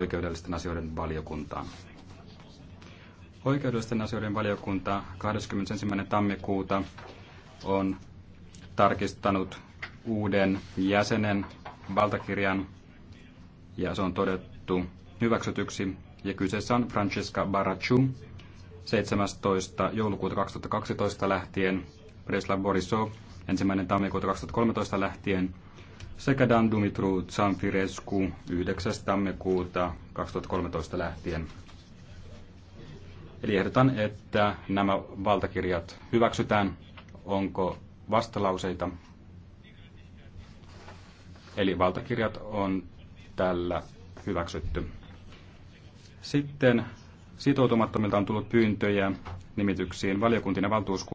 oikeudellisten asioiden valiokuntaa. Oikeudellisten asioiden valiokunta 21. tammikuuta on tarkistanut uuden jäsenen valtakirjan ja se on todettu hyväksytyksi. Ja kyseessä on Francesca Barachu 17. joulukuuta 2012 lähtien, Preslav Borisov 1. tammikuuta 2013 lähtien sekä Dan Dumitru Zamfirescu 9. tammikuuta 2013 lähtien. Eli ehdotan, että nämä valtakirjat hyväksytään. Onko vastalauseita? Eli valtakirjat on tällä hyväksytty. Sitten sitoutumattomilta on tullut pyyntöjä nimityksiin valiokuntina valtuuskuntiin.